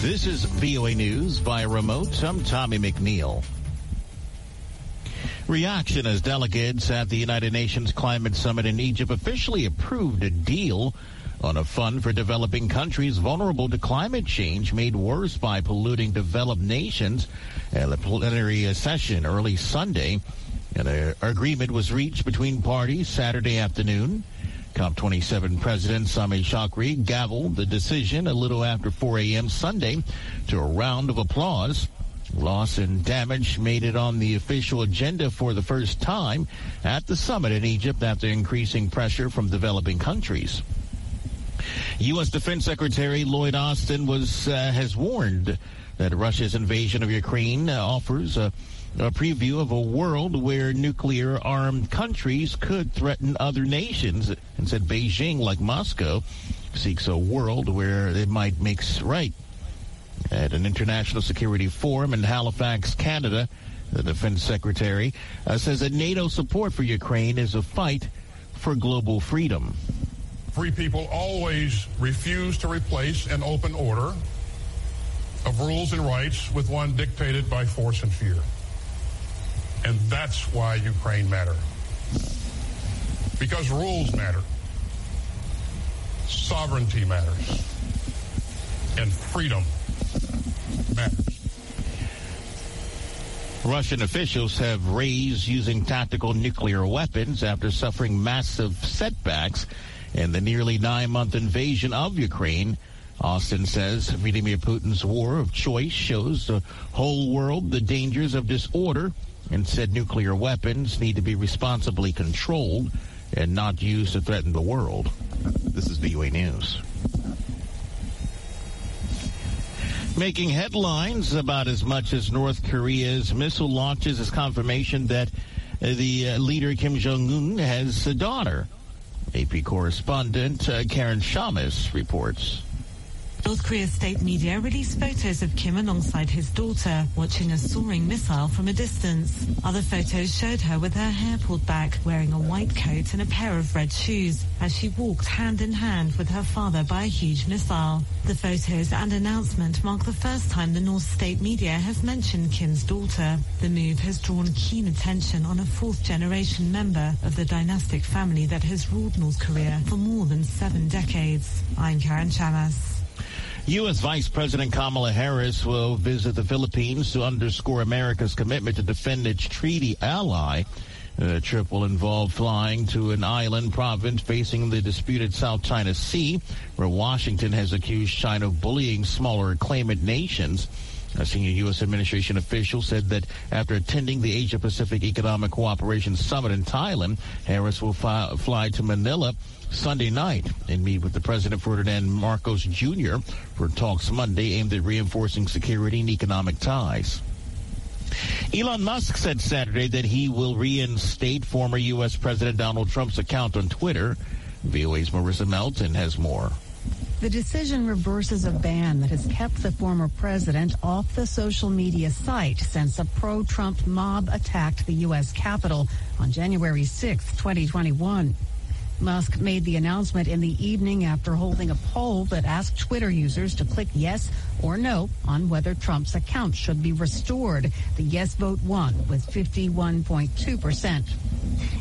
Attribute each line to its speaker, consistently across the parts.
Speaker 1: This is VOA News by remote. I'm Tommy McNeil. Reaction as delegates at the United Nations Climate Summit in Egypt officially approved a deal on a fund for developing countries vulnerable to climate change made worse by polluting developed nations at the plenary session early Sunday. An agreement was reached between parties Saturday afternoon. COP27 President Sami Chakri gavelled the decision a little after 4 a.m. Sunday to a round of applause. Loss and damage made it on the official agenda for the first time at the summit in Egypt after increasing pressure from developing countries. U.S. Defense Secretary Lloyd Austin was uh, has warned that Russia's invasion of Ukraine offers a a preview of a world where nuclear armed countries could threaten other nations and said Beijing, like Moscow, seeks a world where it might make right. At an international security forum in Halifax, Canada, the defense secretary uh, says that NATO support for Ukraine is a fight for global freedom. Free people always refuse to replace an open order of rules and rights with one dictated by force and fear. And that's why Ukraine matter. Because rules matter. Sovereignty matters. And freedom matters. Russian officials have raised using tactical nuclear weapons after suffering massive setbacks in the nearly nine month invasion of Ukraine. Austin says Vladimir Putin's war of choice shows the whole world the dangers of disorder and said nuclear weapons need to be responsibly controlled and not used to threaten the world. This is VOA News. Making headlines about as much as North Korea's missile launches is confirmation that the uh, leader Kim Jong Un has a daughter. AP correspondent uh, Karen Shamus reports. North
Speaker 2: Korea's state media released photos of Kim alongside his daughter watching a soaring missile from a distance. Other photos showed her with her hair pulled back, wearing a white coat and a pair of red shoes as she walked hand in hand with her father by a huge missile. The photos and announcement mark the first time the North state media has mentioned Kim's daughter. The move has drawn keen attention on a fourth generation member of the dynastic family that has ruled North Korea for more than seven decades. I'm Karen Chamas.
Speaker 1: U.S. Vice President Kamala Harris will visit the Philippines to underscore America's commitment to defend its treaty ally. The trip will involve flying to an island province facing the disputed South China Sea, where Washington has accused China of bullying smaller claimant nations. A senior U.S. administration official said that after attending the Asia Pacific Economic Cooperation Summit in Thailand, Harris will fi- fly to Manila Sunday night and meet with the President Ferdinand Marcos Jr. for talks Monday aimed at reinforcing security and economic ties. Elon Musk said Saturday that he will reinstate former U.S. President Donald Trump's account on Twitter. VOA's Marissa Melton has more. The decision reverses a ban that has kept the former president off the social media site since a pro Trump mob attacked the U.S. Capitol on January 6, 2021. Musk made the announcement in the evening after holding a poll that asked Twitter users to click yes or no on whether Trump's account should be restored. The yes vote won with 51.2%.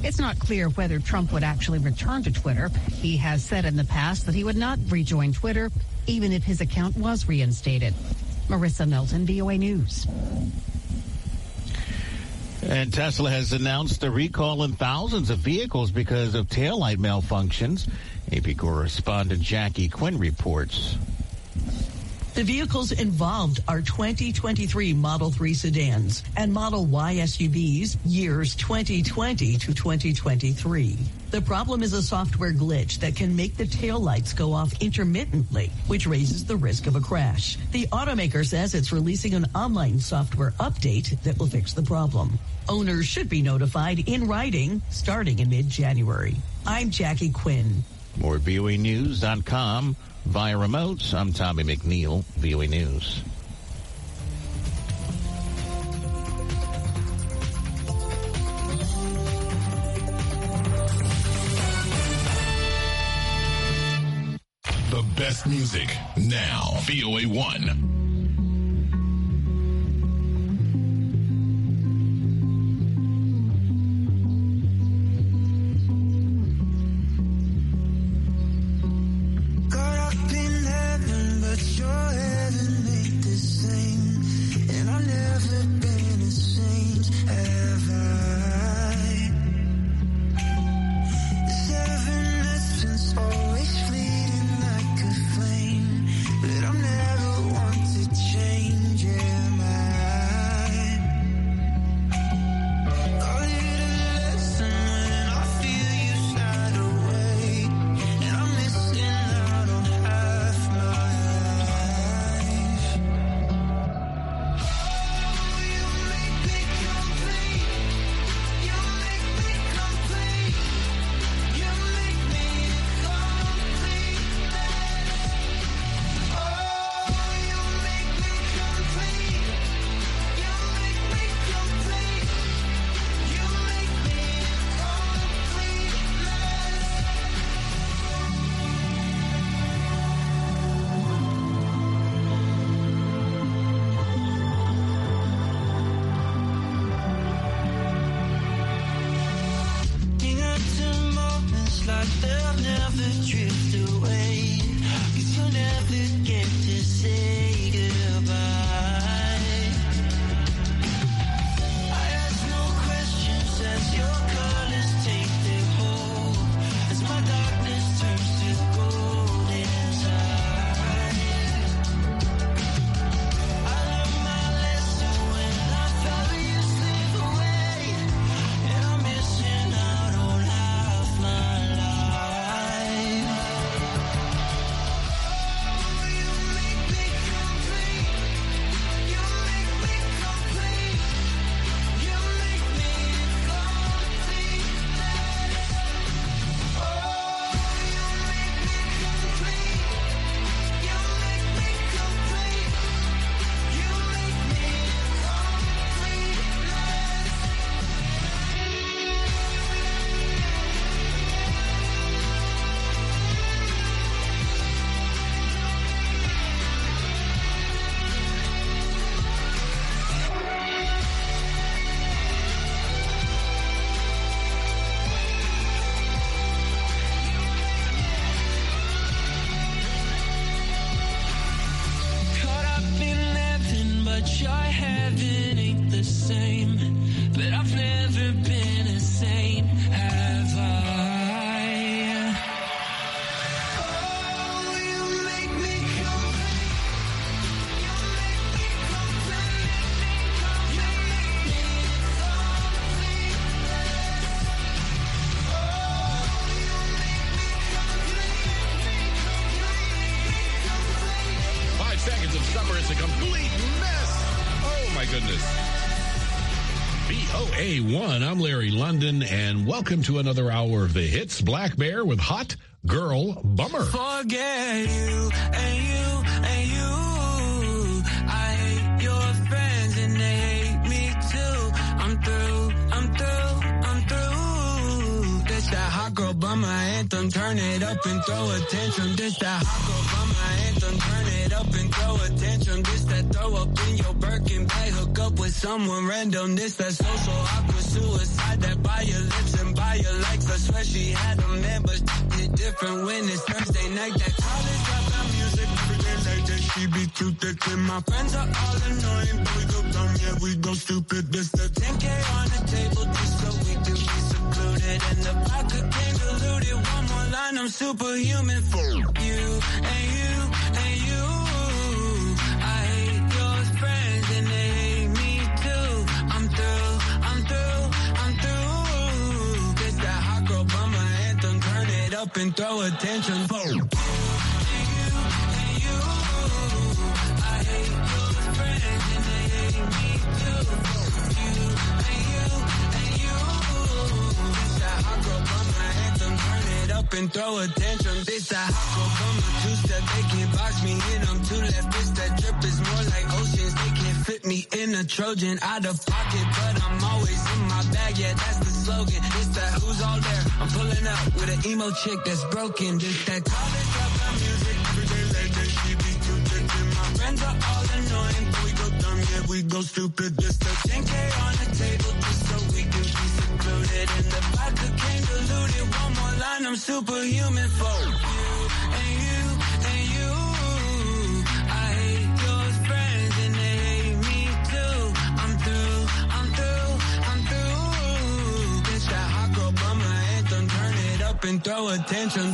Speaker 1: It's not clear whether Trump would actually return to Twitter. He has said in the past that he would not rejoin Twitter even if his account was reinstated. Marissa Melton, VOA News. And Tesla has announced a recall in thousands of vehicles because of taillight malfunctions. AP correspondent Jackie Quinn reports.
Speaker 3: The vehicles involved are 2023 Model 3 sedans and Model Y SUVs years 2020 to 2023. The problem is a software glitch that can make the taillights go off intermittently, which raises the risk of a crash. The automaker says it's releasing an online software update that will fix the problem. Owners should be notified in writing starting in mid January. I'm Jackie Quinn.
Speaker 1: More voanews.com via remote. I'm Tommy McNeil, VOA News. The best music now, VOA 1.
Speaker 3: complicated to say.
Speaker 1: I'm Larry London, and welcome to another hour of the hits Black Bear with Hot Girl Bummer. Forget you and
Speaker 2: you and you. my anthem, turn it up and throw a tantrum. This that hop up on my anthem, turn it up and throw a tantrum. This that throw up in your Birkin bag, hook up with someone random. This that social awkward suicide that by your lips and by your likes. I swear she had a man, but it's different when it's Thursday night. That college dropout music, pretend like that she be too thick and my friends are all annoying. But we go dumb, yeah, we go stupid. This that 10K on the table just so we can be and the vodka can dilute it. One more line, I'm superhuman for you and you and you. I hate your friends and they hate me too. I'm through, I'm through, I'm through. that hot girl by my anthem, turn it up and throw attention I'll go bump my anthem, turn it up and throw a tantrum. This a hot go bump, a two-step, they can't box me in. I'm two left, this that drip is more like oceans. They can't fit me in a Trojan, out of pocket, but I'm always in my bag. Yeah, that's the slogan. It's that who's all there. I'm pulling up with an emo chick that's broken. This that college up music. Every day legend. she be too thick. And my friends are all annoying, but we go dumb, yeah, we go stupid. This that 10K on the table, just so and the vodka came diluted. One more line, I'm superhuman for you and you and you. I hate friends and they hate me too. I'm through, I'm through, I'm through. Bitch, that hot girl my anthem. Turn it up and throw attention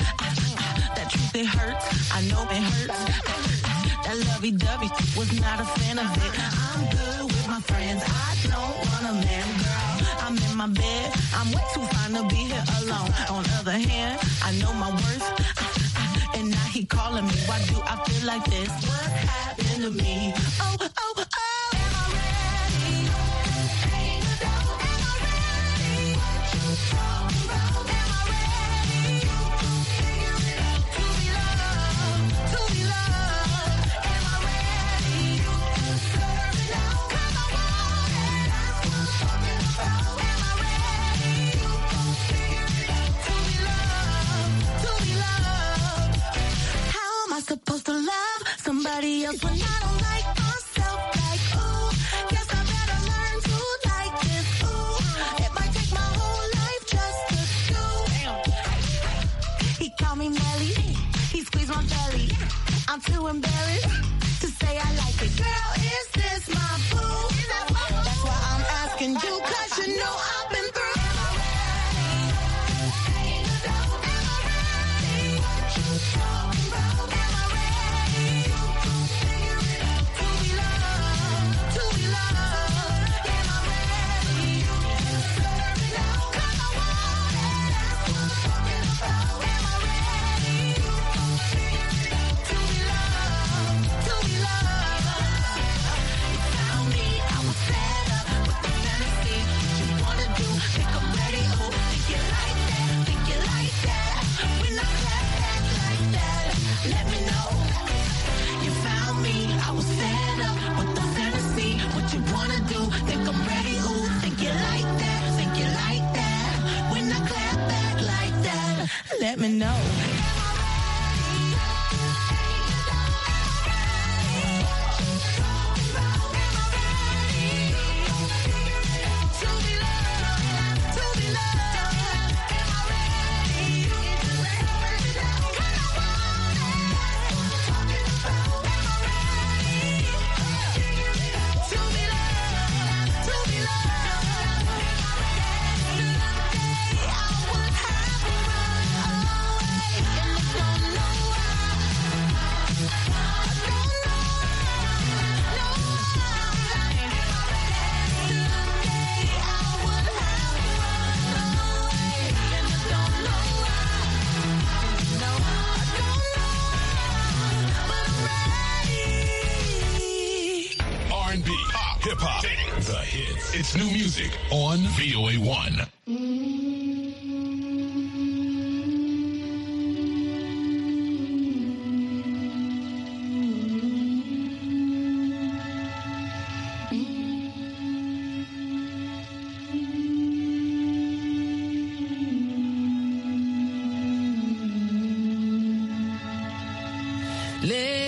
Speaker 4: I know it hurts. That lovey-dovey was not a fan of it. I'm good with my friends. I don't want a man, girl. I'm in my bed. I'm way too fine to be here alone. On the other hand, I know my worth. And now he calling me. Why do I feel like this? What happened to me? Oh, oh, oh. Live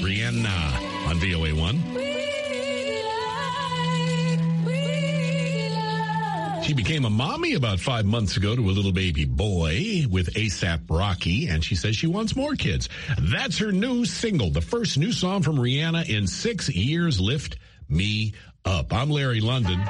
Speaker 1: Rihanna on VOA1. She became a mommy about five months ago to a little baby boy with ASAP Rocky, and she says she wants more kids. That's her new single, the first new song from Rihanna in six years, Lift Me Up. I'm Larry London.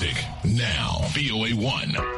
Speaker 1: music now. BOA 1.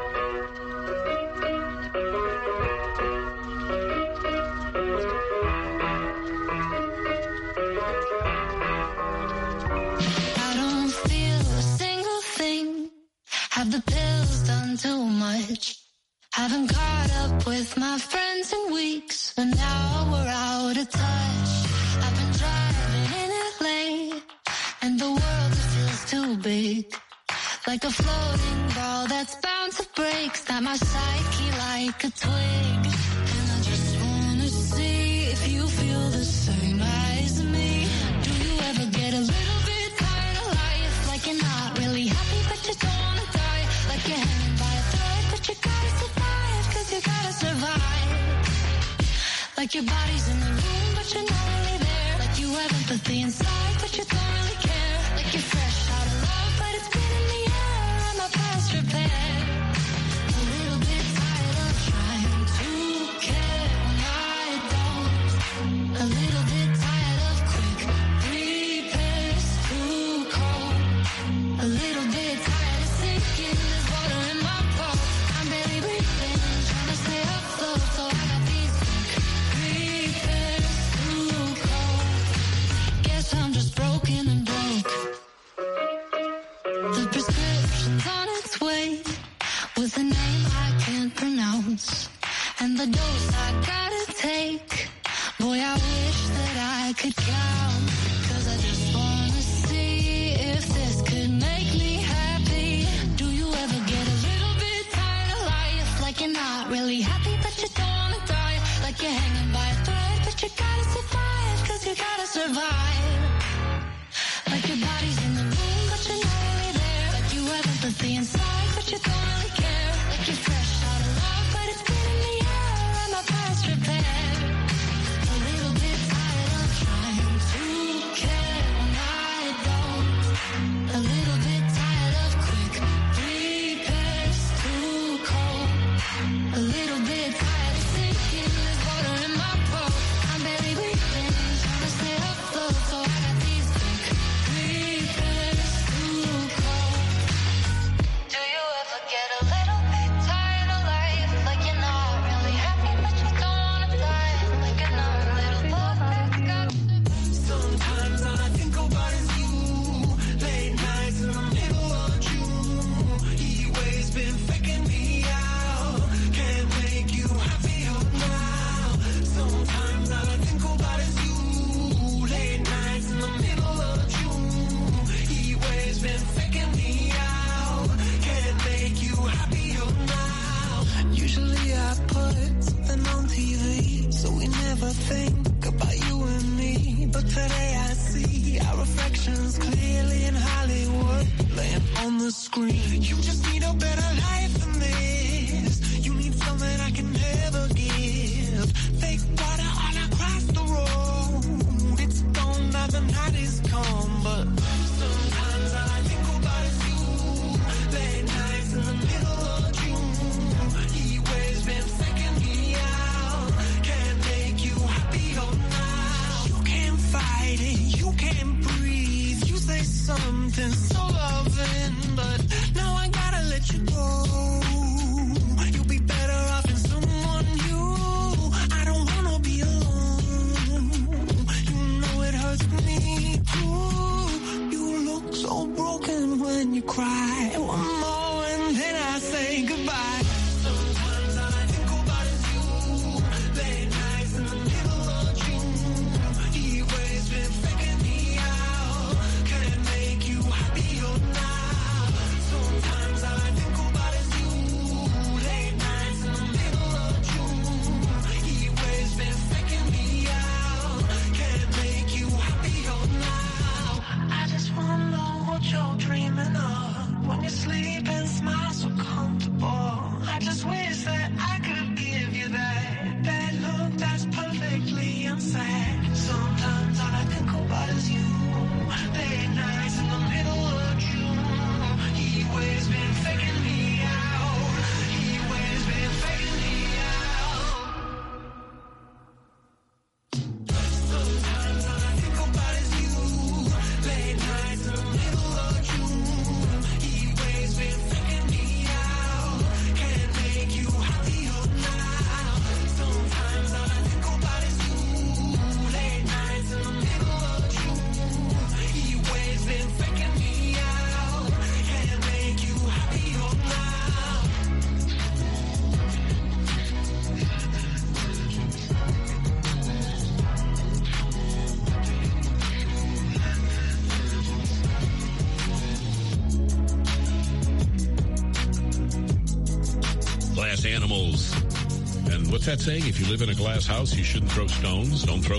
Speaker 1: that saying? If you live in a glass house, you shouldn't throw stones. Don't throw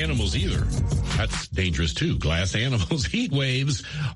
Speaker 1: animals either. That's dangerous too. Glass animals, heat waves,